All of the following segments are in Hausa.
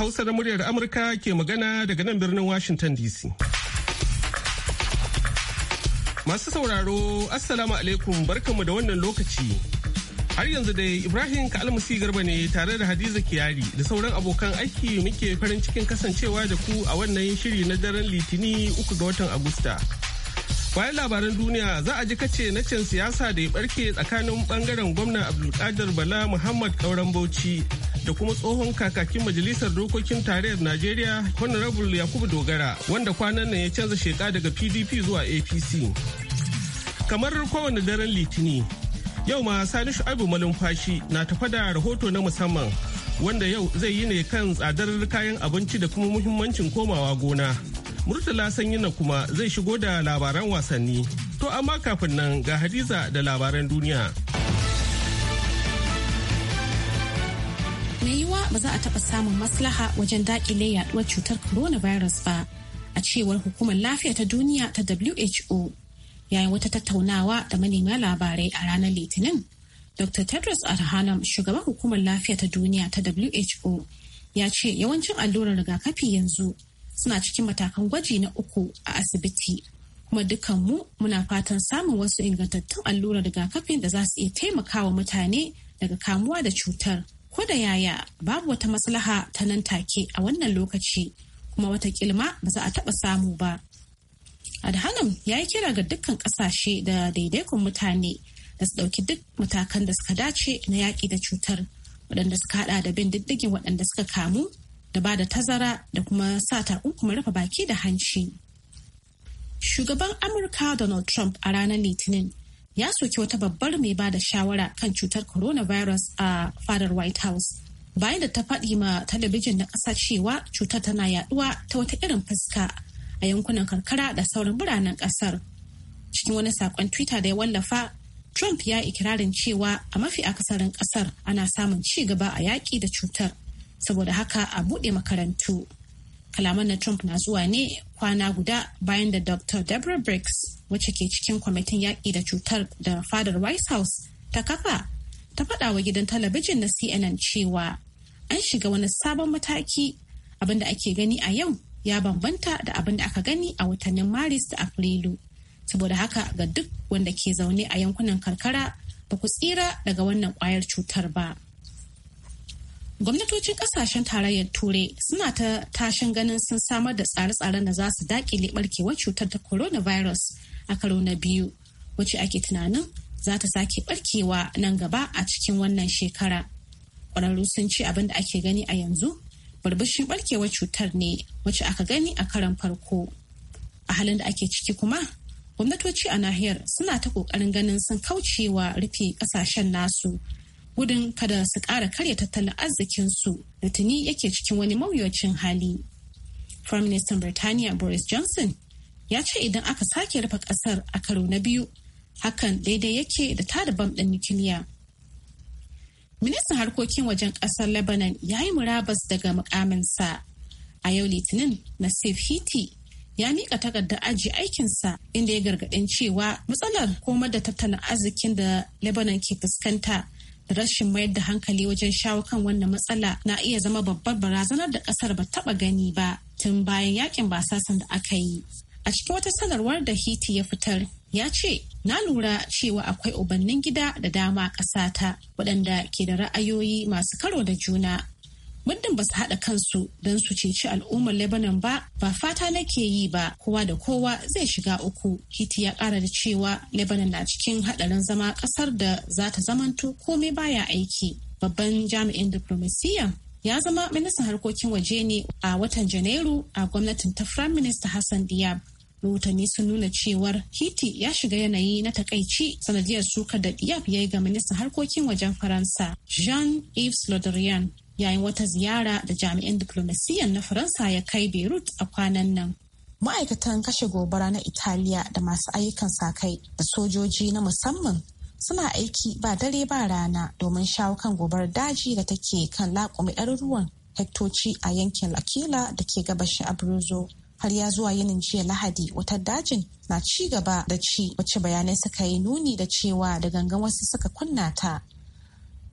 Hausa da muryar Amurka ke magana daga nan birnin Washington DC. Masu sauraro, Assalamu alaikum barkanmu da wannan lokaci. Har yanzu dai Ibrahim Kalmasi Garba ne tare da Hadiza Kiyari da sauran abokan aiki muke farin cikin kasancewa da ku a wannan shiri na daren Litini uku ga watan Agusta. Bayan labaran duniya za a ji kace na can siyasa da ya barke tsakanin bangaren gwamna Abdulkadir Bala Muhammad Kauran Bauchi da kuma tsohon kakakin majalisar dokokin tarayyar najeriya honorable yakubu dogara wanda kwanan nan ya canza sheka daga pdp zuwa apc kamar kowane daren litini yau ma sani shu'aibu malumfashi na tafa da rahoto na musamman wanda yau zai yi ne kan tsadar kayan abinci da kuma muhimmancin komawa gona murtala sanyi na kuma zai shigo da labaran wasanni to amma kafin nan ga hadiza da labaran duniya mai yiwa ba za a taɓa samun maslaha wajen daƙile yaɗuwar cutar coronavirus ba a cewar hukumar lafiya ta duniya ta who yayin wata tattaunawa da manema labarai a ranar litinin dr tedros adhanom shugaban hukumar lafiya ta duniya ta who ya ce yawancin allurar rigakafi yanzu suna cikin matakan gwaji na uku a asibiti kuma dukanmu muna fatan samun wasu ingantattun allurar rigakafin da za su iya taimakawa mutane daga kamuwa da cutar Ko da yaya babu wata maslaha ta nan take a wannan lokaci kuma wata kilma ba za a taɓa samu ba. Adhanom ya yi kira ga dukkan ƙasashe da daidaikun mutane da su ɗauki duk matakan da suka dace na yaƙi da cutar waɗanda suka haɗa da bin diddigin waɗanda suka kamu da ba da tazara da kuma sa takunkumin rufe baki da hanci. Shugaban Amurka Donald Trump a ranar Litinin ya soki wata babbar mai ba da shawara kan cutar coronavirus a fadar White House. Bayan da ta faɗi ma talabijin na ƙasa cewa cutar tana yaɗuwa ta wata irin fuska a yankunan karkara da sauran biranen ƙasar. Cikin wani saƙon Twitter da ya wallafa, Trump ya ikirarin cewa a mafi akasarin ƙasar ana samun ci gaba a yaƙi da cutar. Saboda haka a buɗe makarantu. kalaman na trump na zuwa ne kwana guda bayan da dr deborah briggs wacce ke cikin kwamitin yaƙi da cutar da fadar white house ta kafa ta faɗa wa gidan talabijin na cnn cewa an shiga wani sabon mataki abin da ake gani a yau ya bambanta da abin da aka gani a watannin maris da afrilu saboda haka ga duk wanda ke zaune a yankunan karkara ba ku tsira daga wannan kwayar cutar ba. gwamnatocin kasashen tarayyar turai suna ta tashin ganin sun samar da tsare-tsaren da za su dakile barkewar cutar ta coronavirus a karo na biyu wacce ake tunanin za ta sake barkewa nan gaba a cikin wannan shekara ƙwararru sun ce abin da ake gani a yanzu barbashin barkewar cutar ne wacce aka gani a karan farko a halin da ake ciki kuma gwamnatoci a nahiyar suna ta ƙoƙarin ganin sun kaucewa rufe ƙasashen nasu gudun kada su kara karya tattalin arzikinsu da tuni yake cikin wani mawuyacin hali. Prime Minister Birtaniya Boris Johnson ya ce idan aka sake rufe ƙasar a karo na biyu hakan daidai yake da tada bam ɗin nukiliya. Ministan harkokin wajen ƙasar Lebanon ya yi murabas daga mukaminsa. A yau Litinin Nasif Hiti ya miƙa takardar aji aikinsa inda ya gargaɗin cewa matsalar komar da tattalin arzikin da Lebanon ke fuskanta rashin mayar da hankali wajen shawo kan wannan matsala na iya zama babbar barazanar da kasar ba taba gani ba tun bayan yakin basasan da aka yi a cikin wata sanarwar da hiti ya fitar ya ce na lura cewa akwai ubannin gida da dama a ƙasata waɗanda ke da ra'ayoyi masu karo da juna muddin ba su haɗa kansu don su ceci al'ummar lebanon ba ba fata nake yi ba kowa da kowa zai shiga uku kiti ya ƙara da cewa lebanon na cikin haɗarin zama ƙasar da za ta zamanto komai baya aiki babban jami'in diplomasiyan ya zama ministan harkokin waje ne a watan janairu a gwamnatin ta firayim minista hassan diab rahotanni sun nuna cewar kiti ya shiga yanayi na takaici sanadiyar sukar da diab ya yi ga ministan harkokin wajen faransa jean yves le yayin wata ziyara da jami'an diplomasiyan na Faransa ya kai Beirut a kwanan nan. Ma'aikatan kashe gobara na Italiya da masu ayyukan sakai da sojoji na musamman suna aiki ba dare ba rana domin shawo kan gobarar daji da take kan laƙumi ɗaruruwan hektoci a yankin Lakila da ke gabashin Abruzzo. har ya zuwa yinin jiya lahadi wata dajin na ci gaba da ci wacce bayanai suka yi nuni da cewa da gangan wasu suka kunna ta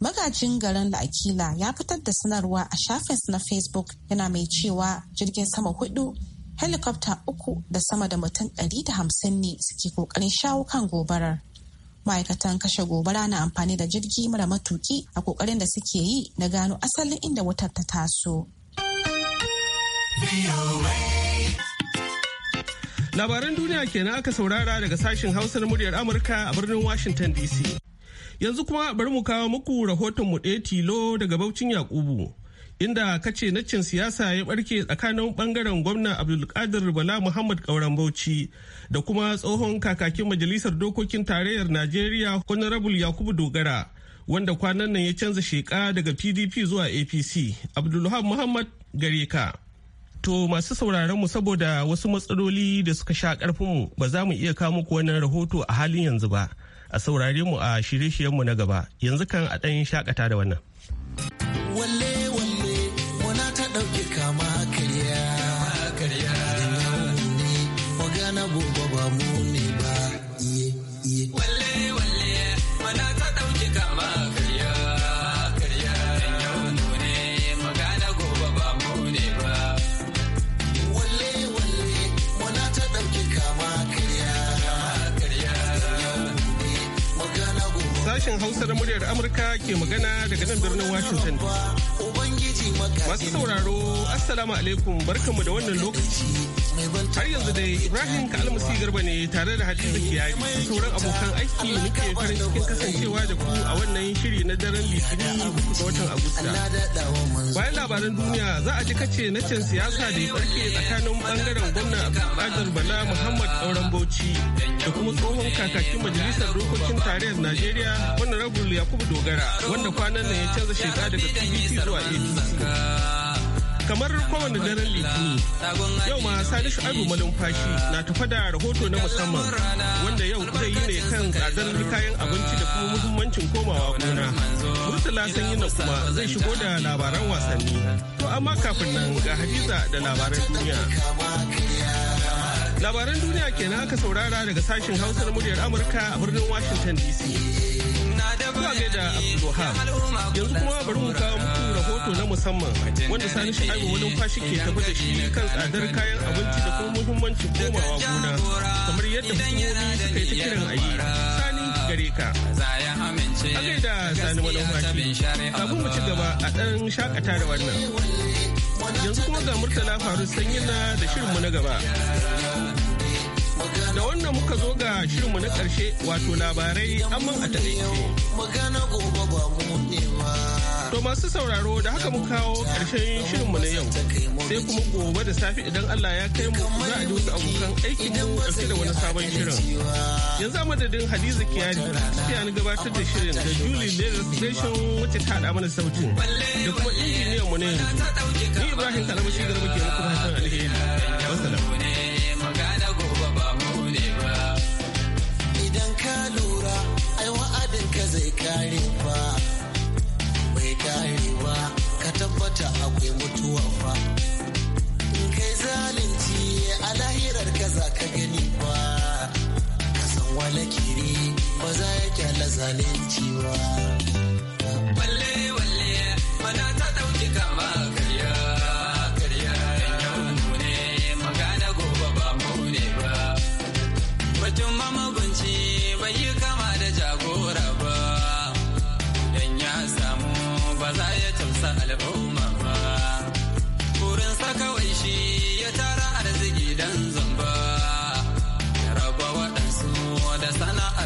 magajin garin la'akila ya fitar da sanarwa a shafinsa na facebook yana mai cewa jirgin sama hudu helikofta uku da sama da mutum da hamsin ne suke kokarin shawo kan gobarar ma'aikatan kashe gobara na amfani da jirgi mara matuki a kokarin da suke yi na gano asalin inda wutar ta taso labaran duniya kenan aka saurara daga sashen hausar muryar amurka a birnin washington dc Yanzu kuma bari mu kawo muku rahoton mu ɗaya tilo daga Baucin Yakubu. Inda kace na cin siyasa ya barke tsakanin bangaren gwamna Abdulkadir Bala Muhammad Kauran Bauchi da kuma tsohon kakakin majalisar dokokin tarayyar Najeriya Honorable Yakubu Dogara wanda kwanan nan ya canza sheka daga PDP zuwa APC. Abdulhab Muhammad gare ka. To masu sauraron mu saboda wasu matsaloli da suka sha mu ba za mu iya kawo muku wannan rahoto a halin yanzu ba. a saurare mu a shirye-shiryenmu na gaba yanzu kan a ɗan shakata da wannan. Sashen Hausa na muryar Amurka ke magana daga nan birnin Washington. Masu sauraro, Assalamu alaikum barkanmu da wannan lokaci. Har yanzu dai Ibrahim Kalmasi Garba ne tare da Hadiza Kiyari sauran abokan aiki muke farin cikin kasancewa da ku a wannan shiri na daren Litinin ga watan Agusta. Bayan labaran duniya za a ji kace na can siyasa da ya barke tsakanin bangaren gwamna Abdulkadir Bala Muhammad Auren Bauchi da kuma tsohon kakakin majalisar dokokin tarayyar Najeriya wannan Rabul Yakubu Dogara wanda kwanan nan ya canza shekara daga PDP zuwa APC. kamar kowane daren litini yau ma salisu abu malumfashi na tafa da rahoto na musamman wanda yau zai yi ne kan tsadar kayan abinci da kuma muhimmancin komawa gona murtala sanyi na kuma zai shigo da labaran wasanni to amma kafin nan ga hadiza da labaran duniya Labaran duniya kenan aka saurara daga sashen Hausa na muryar Amurka a birnin Washington DC. Zuwa ga da Yanzu kuma bari mu kawo muku rahoto na musamman wanda sani shi aiwa wani fashi ke tafi da shi kan tsadar kayan abinci da kuma muhimmancin komawa gona kamar yadda hukumomi suka yi ta kiran ayi. Sani gare ka. A da sani wani malumfashi. Kafin mu ci gaba a ɗan shakata da wannan. Yanzu kuma ga Murtala Faru sanyi na da mu na gaba. da wannan muka zo ga shirinmu na ƙarshe wato labarai amma a taƙaice. To masu sauraro da haka mu kawo ƙarshen shirinmu na yau sai kuma gobe da safi idan Allah ya kai mu za a ji wasu abokan aikin mu ɗauke da wani sabon shirin. Yanzu a madadin Hadiza Kiyari sai an gabatar da shirin da Julie Lewis Station wacce ta haɗa mana sautin da kuma injiniyan mu na yanzu. Ni Ibrahim Kalabashi Garba ka gani ba ka ya kyala zalunci ba walle walle mana ta dauki kama karya karya mu magana gobe ba mu ne ba batun mamagunci bai yi kama da jagora ba dan ya samu ba ya tausa al'umma ba burinsa kawai shi ya tara arziki dan zamba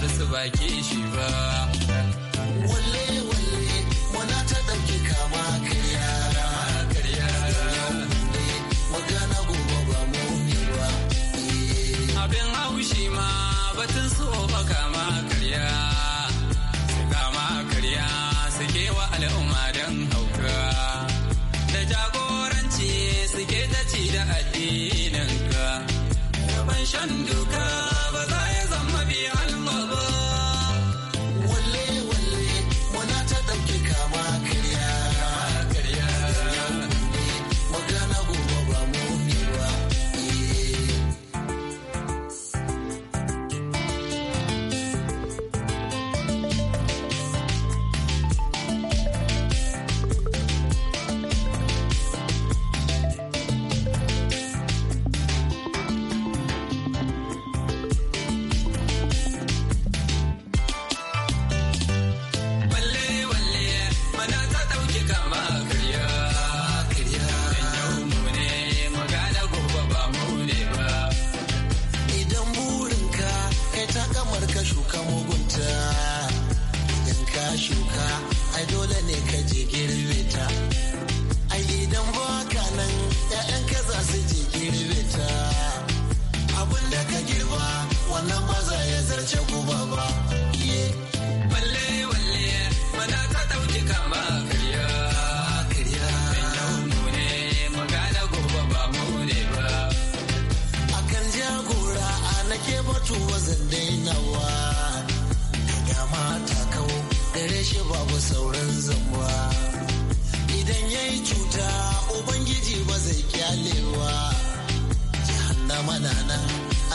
har su ke shi ba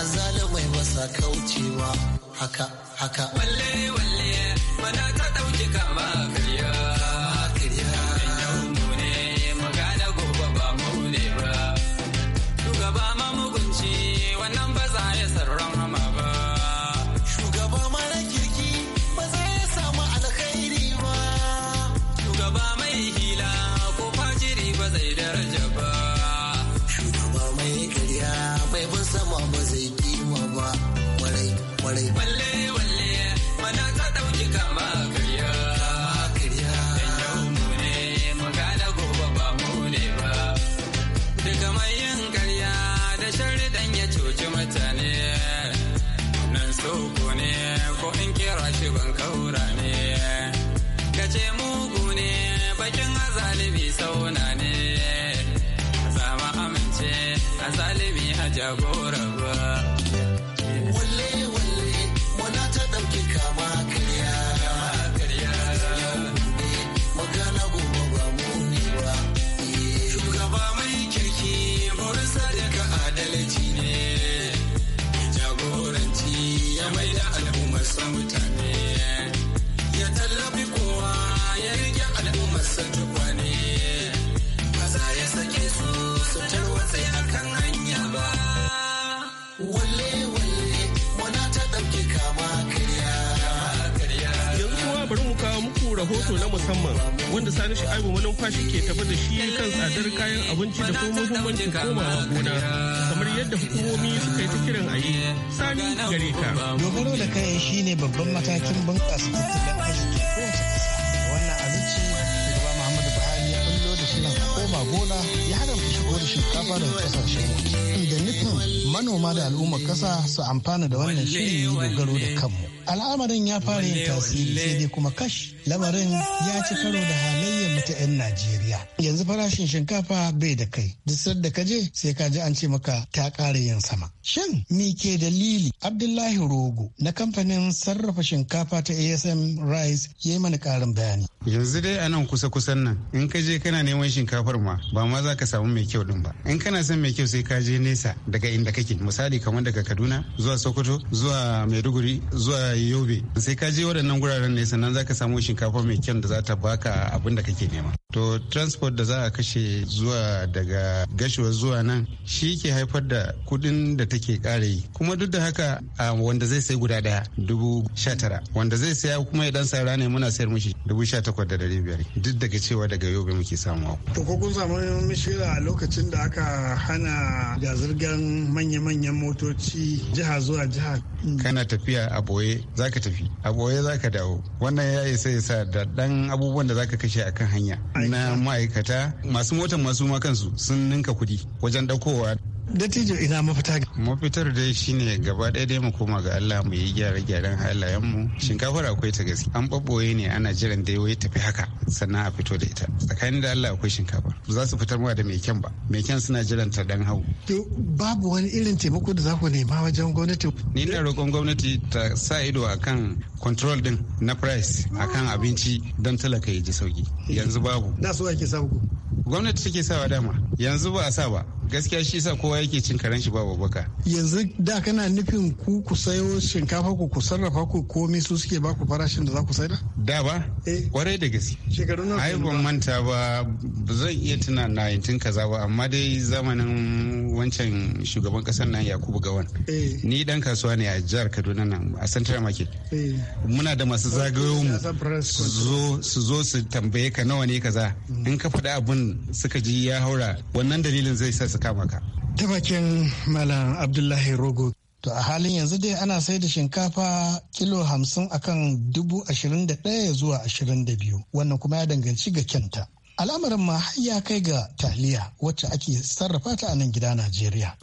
azalumai ba sa kaucewa haka haka walle walle mana ta dauke kama karya sauna ne za mu amince a zalimi a jagora ba. Walle walle muna ta ɗauki kama karya. Magana gobe ba mu ne Shugaba mai kirki burinsa daga adalci ne. Jagoranci ya mai da al'ummar samu ya sake su su hanya ba walle walle ta ɗauke kama bari mu kawo muku rahoto na musamman wanda sani sha'ibu malumfashi ke tafi da shi kan tsadar kayan abinci da kuma muhimmancin komawa gona kamar yadda hukumomi suka yi ta kiran a yi sani gare ka dogaro da kayan shine babban matakin bunƙasa tattalin labarin kasashe inda da nufin manoma da al'ummar kasa su amfana da wannan shirin dogaro da kanmu al'amarin ya fara yin tasiri sai dai kuma kash lamarin ya ci karo da halayyar mu ta 'yan Najeriya. Yanzu farashin shinkafa bai da kai, duk da ka je sai ka ji an ce maka ta ƙara yin sama. Shin me ke dalili? Abdullahi Rogo na kamfanin sarrafa shinkafa ta ASM Rice ya yi mana ƙarin bayani. Yanzu dai a nan kusa-kusan nan in ka je kana neman shinkafar ma ba ma za ka samu mai kyau din ba. In kana son mai kyau sai ka je nesa daga inda kake misali kamar daga Kaduna zuwa Sokoto zuwa Maiduguri zuwa Yobe sai ka je waɗannan guraren nesa nan za ka samu shinkafa shinkafa mai kyan da za ta baka abin da kake nema to transport da za a kashe zuwa daga gashuwa zuwa nan shi ke haifar da kuɗin da take ƙara yi kuma duk da haka wanda zai sai guda ɗaya dubu sha tara wanda zai saya kuma ya dan sara ne muna sayar mishi dubu sha takwas da ɗari biyar duk daga cewa daga bai muke samu to ko kun samu mishkila a lokacin da aka hana gazirgan zirgan manya-manyan motoci jiha zuwa jiha kana tafiya a boye ka tafi a boye ka dawo wannan ya isa ya bisa da dan abubuwan da zaka kashe akan hanya na ma'aikata masu motan masu ma kansu sun ninka kuɗi wajen ɗaukowa dattijo ina mafita ga. mafitar dai shine gaba ɗaya dai mu koma ga Allah mu yi gyare gyaren halayen mu shinkafar akwai ta gaske an ɓaɓɓoye ne ana jiran dai wai tafi haka sannan a fito da ita tsakanin da Allah akwai shinkafa ba za su fitar da mai kyan ba mai kyan suna jiran ta dan hau to babu wani irin taimako da za ku nema wajen gwamnati ni ina roƙon gwamnati ta sa ido akan control din na price akan abinci don talaka ya ji sauki yanzu babu da so ake samu gwamnati take sawa dama yanzu ba a sa ba gaskiya shi sa kowa yake cin karen shi ba babbaka yanzu da kana nufin ku ku sayo shinkafa ku ku sarrafa ku komai su suke ba ku farashin da za ku sai da ba eh. kwarai da gaske ai ban manta ba zan iya tuna na yantin kaza ba amma dai zamanin wancan shugaban kasar nan Yakubu Gawan eh. ni dan kasuwa ne a jihar Kaduna nan a Central Market eh. muna da masu zagayo mu su zo su tambaye ka nawa ne kaza in ka faɗi abun suka ji ya haura wannan dalilin zai sa su kama ka malam abdullahi rogo to a halin yanzu dai ana sai da shinkafa kilo hamsin akan dubu ashirin da ɗaya zuwa ashirin da biyu wannan kuma ya danganci ga kyanta al'amarin ma ya kai ga taliya wacce ake sarrafa ta a nan gida najeriya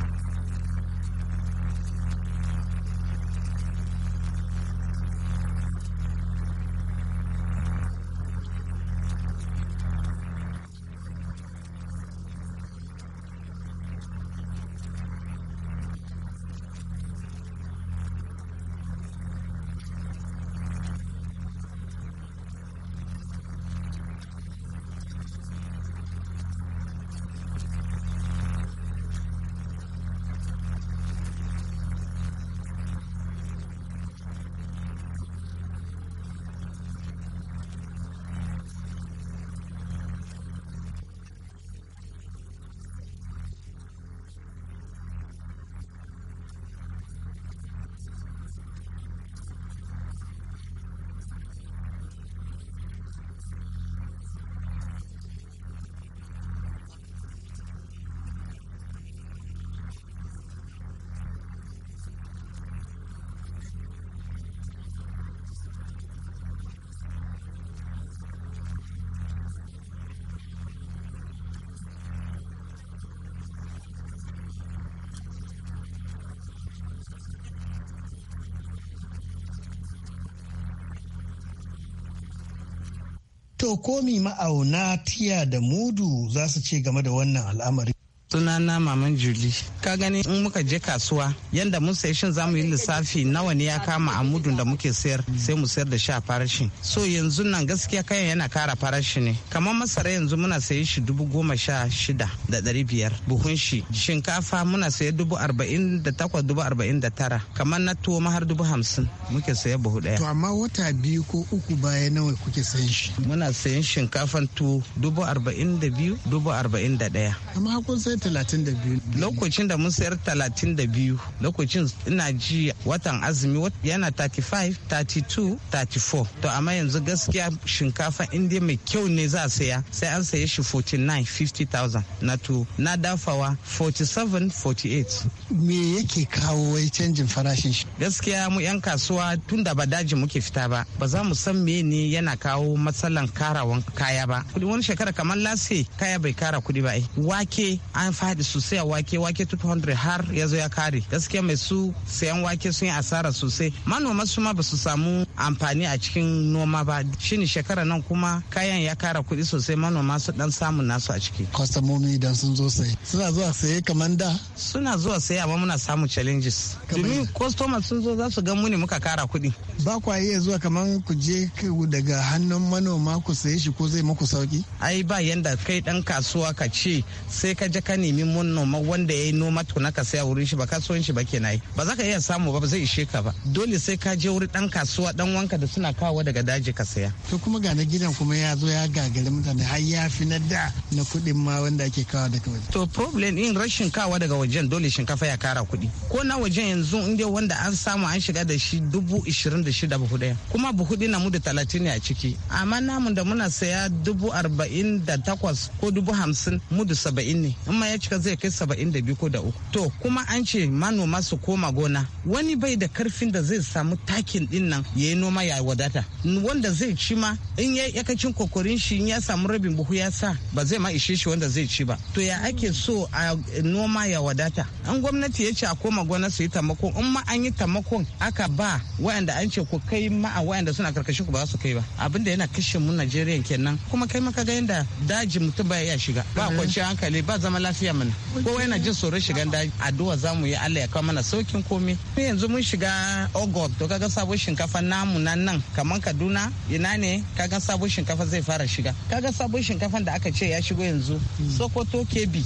To komi ma'auna tiya da mudu za su ce game da wannan al'amari. sunana maman juli ka gani in muka je kasuwa yanda mun sai shin zamu yi lissafi nawa ne ya kama a mudun da muke sayar sai mu sayar da shi a farashin so yanzu nan gaskiya kayan yana kara farashi ne kamar masara yanzu muna sayi shi dubu goma sha shida da ɗari biyar buhun shi shinkafa muna sayi dubu arba'in da takwas dubu arba'in da tara kamar na tuwo ma har dubu hamsin muke saye buhu ɗaya. to amma wata biyu ko uku baya nawa kuke sayan shi. muna sayan shinkafan tuwo dubu arba'in da biyu dubu arba'in da ɗaya. amma kun sai 32 lokacin da mun sayar 32 lokacin ina ji watan azumi yana 35 32 34 to amma yanzu gaskiya shinkafa inda mai kyau ne za a saya sai an saye shi 49 50000 na to na dafawa 47 48 me yake kawo wai canjin farashin shi gaskiya mu yan kasuwa tun da ba daji muke fita ba ba za mu san me ne yana kawo matsalan karawan kaya ba kudi wani shekara kamar lase kaya bai kara kudi ba wake an fadi sosai a wake wake 200 har ya zo ya kare gaskiya mai su sayan wake sun yi asara sosai manoma su ma ba su samu amfani a cikin noma ba shine shekara nan kuma kayan ya kara kuɗi sosai manoma su dan samun nasu a ciki kwastamomi idan sun zo sai suna zuwa saye kamar da suna zuwa saye amma muna samun challenges domin kwastoma sun zo za su gan mu ne muka kara kuɗi ba kwa iya zuwa kamar ku je daga hannun manoma ku saye shi ko zai muku sauki ai ba yanda kai dan kasuwa ka ce sai ka je ka nemi ma wanda ya yi noma to na ka a wurin shi ba kasuwan shi ba kenan ba za ka iya samu ba ba zai ishe ka ba dole sai ka je wuri dan kasuwa dan wanka da suna kawo daga daji ka saya to kuma ga na gidan kuma ya zo ya gagari mutane har ya fi na da na kuɗin ma wanda ake kawo daga waje to problem in rashin kawo daga wajen dole shinkafa ya kara kuɗi ko na wajen yanzu in dai wanda an samu an shiga da shi dubu ishirin da shida buhu ɗaya kuma buhu ɗin namu da talatin ne a ciki amma namun da muna saya dubu arba'in da takwas ko dubu hamsin mudu saba'in ne in ma ya cika zai kai saba'in da biyu ko da uku to kuma an ce manoma su koma gona wani bai da karfin da zai samu takin din nan ya yi noma ya wadata wanda zai ci ma in ya yakacin kokorin shi in ya samu rabin buhu ya sa ba zai ma ishe shi wanda zai ci ba to ya ake so a noma ya wadata an gwamnati ya ce a koma gona su yi taimako in ma an yi taimakon aka ba wayanda an ce ku kai ma a wayanda suna karkashin ku ba su kai ba abinda yana kashe mu Najeriya kenan kuma kai maka ga yanda daji mutum ba ya shiga ba mm-hmm. kwanciyar hankali ba zama lafiya lafiya mana kowa yana jin tsoron shigan da addu'a za mu yi Allah ya kawo mana saukin komai yanzu mun shiga ogot to kaga sabon shinkafa namu nan nan kamar Kaduna ina ne kaga sabon shinkafa zai fara shiga kaga sabon shinkafan da aka ce ya shigo yanzu Sokoto kebi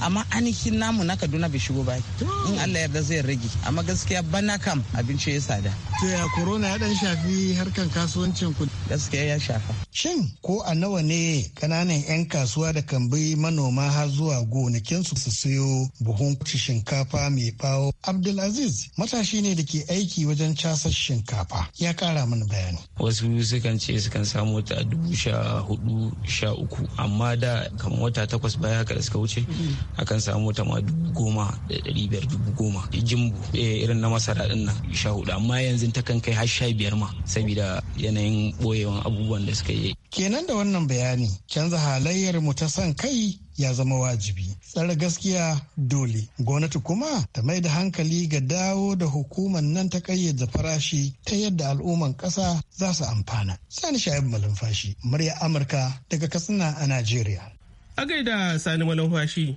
amma ainihin namu na kaduna bai shigo ba in allah yarda zai rage amma gaskiya bana kam abinci ya sada To ya corona ya dan shafi harkan kasuwancin ku? Gaskiya ya shafa. Shin ko a nawa ne kananan 'yan kasuwa da kan bi manoma har zuwa gonakinsu su siyo buhun shinkafa mai bawo? Abdulaziz matashi ne da ke aiki wajen casar shinkafa. Ya kara mana bayani. Wasu sukan ce sukan samu ta dubu sha hudu sha uku amma da kamar wata takwas baya haka da suka wuce mm-hmm. akan samu ta ma dubu goma da dari biyar dubu goma jimbo eh, irin na masara din nan sha hudu amma yanzu ta takan kai har sha biyar ma saboda yanayin boyewan abubuwan da suka yi. Kenan da wannan bayani canza halayyar mu ta son kai ya zama wajibi. tsara gaskiya dole. Gwamnati kuma ta mai da hankali ga dawo da hukumar nan ta kayyade farashi ta yadda al'umman ƙasa za su amfana. Sani Sha'ib Malumfashi, murya Amurka daga Katsina a Najeriya. A gaida Sani Malumfashi,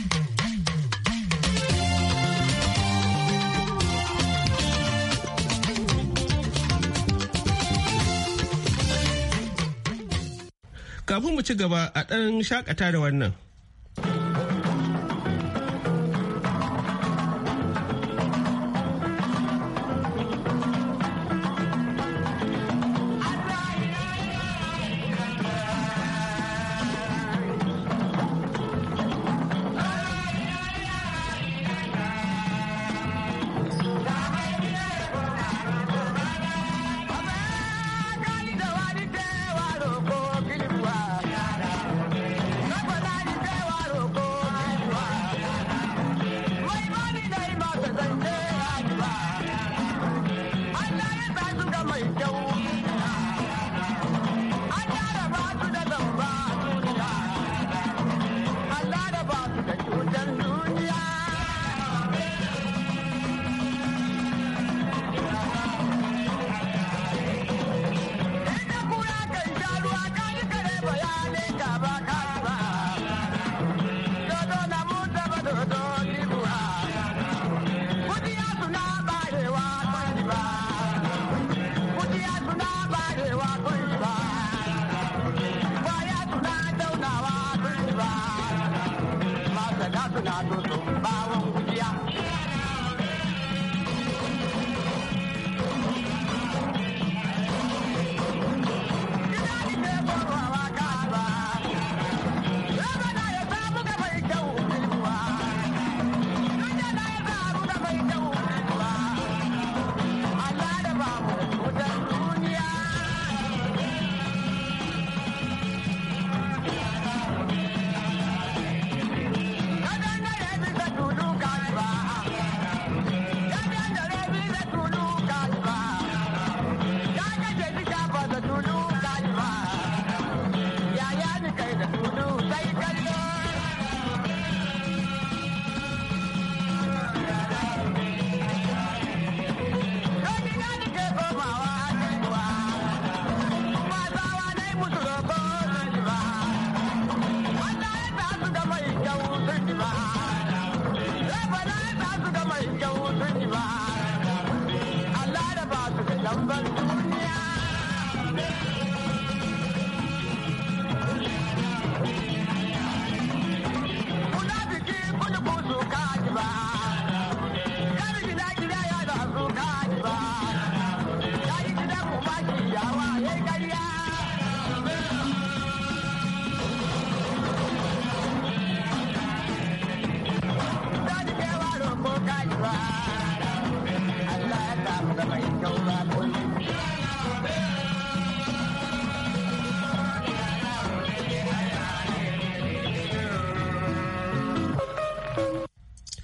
Kafin mu ci gaba a ɗan shakata da wannan.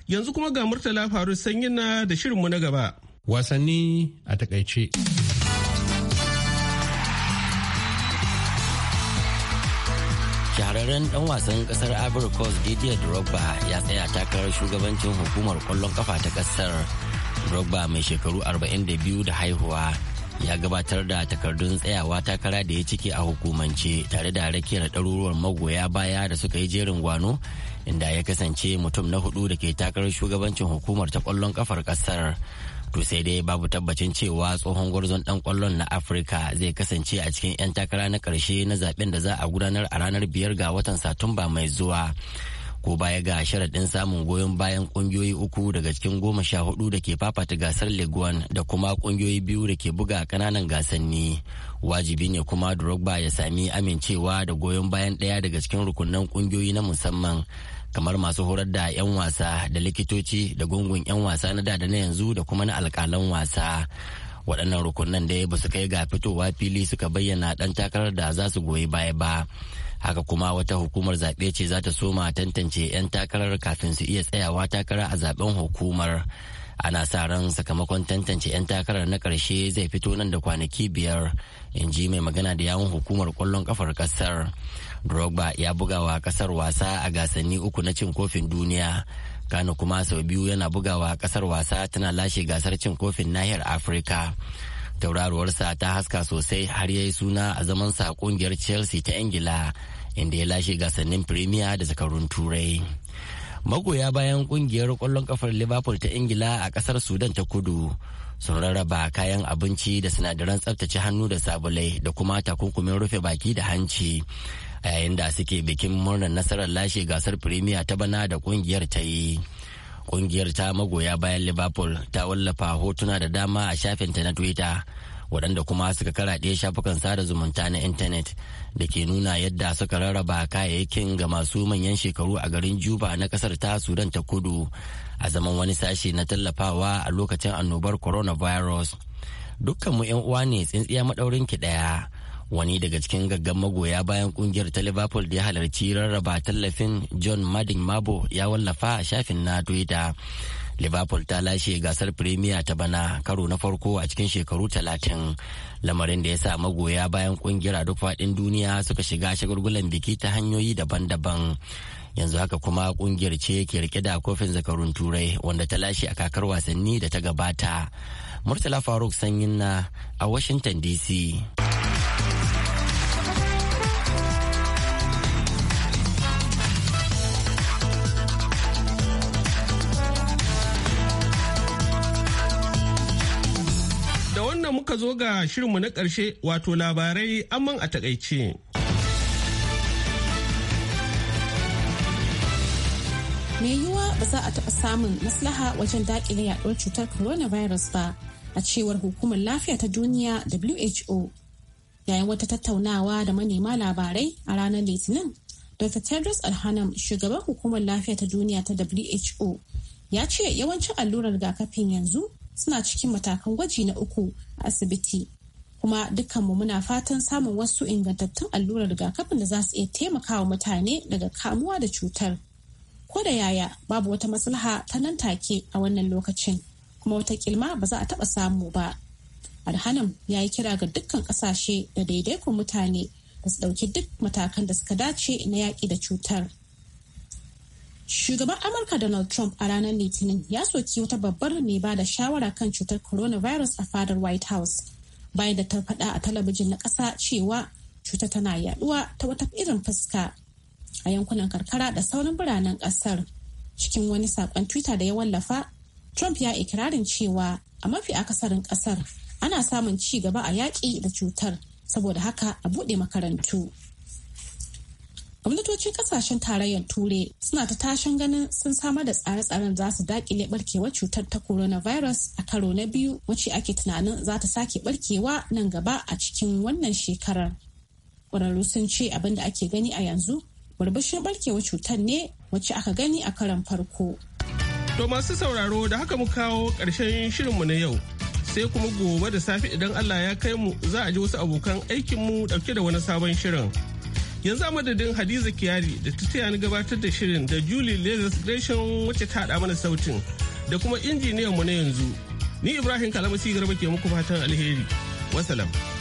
Yanzu kuma ga Murtala Faru na da shirinmu na gaba. Wasanni a takaice. shahararren dan wasan kasar ivory coast didier drogba ya tsaya takarar shugabancin hukumar kwallon kafa ta kasar drogba mai shekaru 42 da haihuwa ya gabatar da takardun tsayawa takara da ya cike a hukumance tare da rakiyar ɗaruruwar magoya baya da suka yi jerin gwano inda ya kasance mutum na hudu da ke takarar shugabancin hukumar ta kwallon kafar ƙasar to sai dai babu tabbacin cewa tsohon gwarzon dan kwallon na afirka zai kasance a cikin 'yan takara na karshe na zaben da za a gudanar a ranar biyar ga watan satumba mai zuwa ko baya ga sharaɗin samun goyon bayan ƙungiyoyi uku daga cikin goma sha hudu da ke fafata gasar leguan da kuma ƙungiyoyi biyu da ke buga ƙananan gasanni wajibi ne kuma drogba ya sami amincewa da goyon bayan ɗaya daga cikin rukunan ƙungiyoyi na musamman kamar masu horar da 'yan wasa da likitoci da gungun 'yan wasa na dada na yanzu da kuma na alƙalan wasa waɗannan rukunan dai ba su kai ga fitowa fili suka bayyana ɗan takarar da za su goyi baya ba haka kuma wata hukumar zaɓe ce za ta soma tantance 'yan takarar kafin su iya tsayawa takara a zaben hukumar ana sa ran sakamakon tantance 'yan takarar na ƙarshe zai fito nan da kwanaki biyar in ji mai magana da yawun hukumar ƙwallon ƙafar ƙasar drogba ya bugawa ƙasar wasa a gasanni uku na cin kofin duniya kano kuma sau biyu yana bugawa ƙasar wasa tana lashe gasar cin kofin nahiyar afirka tauraruwarsa ta haska sosai har ya yi suna a zaman a kungiyar chelsea ta ingila inda ya lashe gasannin premier da zakarun turai magoya bayan kungiyar kwallon kafar liverpool ta ingila a kasar sudan ta kudu sun rarraba kayan abinci da sinadaran tsabtace hannu da sabulai da kuma takunkumin rufe baki da hanci a yayin da suke bikin murnar nasarar lashe gasar premier ta bana da kungiyar ta yi kungiyar ta magoya bayan liverpool ta wallafa hotuna da dama a shafinta na twitter waɗanda kuma suka karaɗe shafukan sada zumunta na intanet da ke nuna yadda suka rarraba kayayyakin ga masu manyan shekaru a garin juba na ƙasar ta sudan ta kudu a zaman wani sashe na tallafawa a lokacin annobar coronavirus dukkanmu 'yan uwa ne tsintsiya maɗaurin ki ɗaya wani daga cikin gaggan magoya bayan kungiyar ta liverpool da ya halarci rarraba tallafin john madding mabo ya wallafa a shafin na twitter liverpool ta lashe gasar premier ta bana karo na farko a cikin shekaru talatin lamarin da ya sa magoya bayan kungiyar a duk faɗin duniya suka shiga shagulgulan biki ta hanyoyi daban-daban yanzu haka kuma kungiyar ce ke rike da kofin zakarun turai wanda ta lashe a kakar wasanni da ta gabata murtala faruk sanyin na a washington dc muka zo ga shirinmu na ƙarshe wato labarai amman a takaice. Me yiwuwa ba za a taɓa samun maslaha wajen daƙile yaɗuwar cutar coronavirus ba a cewar hukumar lafiya ta duniya WHO. Yayin wata tattaunawa da manema labarai a ranar Litinin, Dr. Tedros Adhanom, shugaban hukumar lafiya ta duniya ta WHO, ya ce yawancin allurar rigakafin yanzu suna cikin matakan gwaji na uku asibiti kuma dukkanmu muna fatan samun wasu ingantattun allurar rigakafin da za su iya taimakawa mutane daga kamuwa da cutar ko da yaya babu wata maslaha ta nan take a wannan lokacin kuma wata kilma ba za a taba samu ba alhanan ya yi kira ga dukkan kasashe da daidaikun mutane da su dauki duk matakan da suka dace na yaƙi da cutar Shugaban Amurka Donald Trump a ranar Litinin ya soki wata babbar ne ba da shawara kan cutar coronavirus a fadar White House bayan da ta faɗa a talabijin na ƙasa cewa cuta tana yaɗuwa ta wata irin fuska a yankunan karkara da sauran biranen ƙasar. Cikin wani saƙon Twitter da ya wallafa, Trump ya ikirarin cewa a mafi akasarin ƙasar ana samun ci gaba a yaƙi da cutar saboda haka a buɗe makarantu. gwamnatocin kasashen tarayyar turai suna ta tashin ganin sun samar da tsare-tsaren za su dakile barkewar cutar ta coronavirus a karo na biyu wacce ake tunanin za ta sake barkewa nan gaba a cikin wannan shekarar ƙwararru sun ce abin da ake gani a yanzu burbushin barkewar cutar ne wacce aka gani a karon farko to masu sauraro da haka mu kawo ƙarshen shirinmu na yau sai kuma gobe da safe idan allah ya kai mu za a ji wasu abokan aikinmu ɗauke da wani sabon shirin yanzu a madadin hadiza kiyari da ta taya ni gabatar da shirin da julie lezis gresham wacce ta haɗa mana sautin da kuma injiniyan mu na yanzu ni ibrahim kalamasi garba ke muku fatan alheri wasalam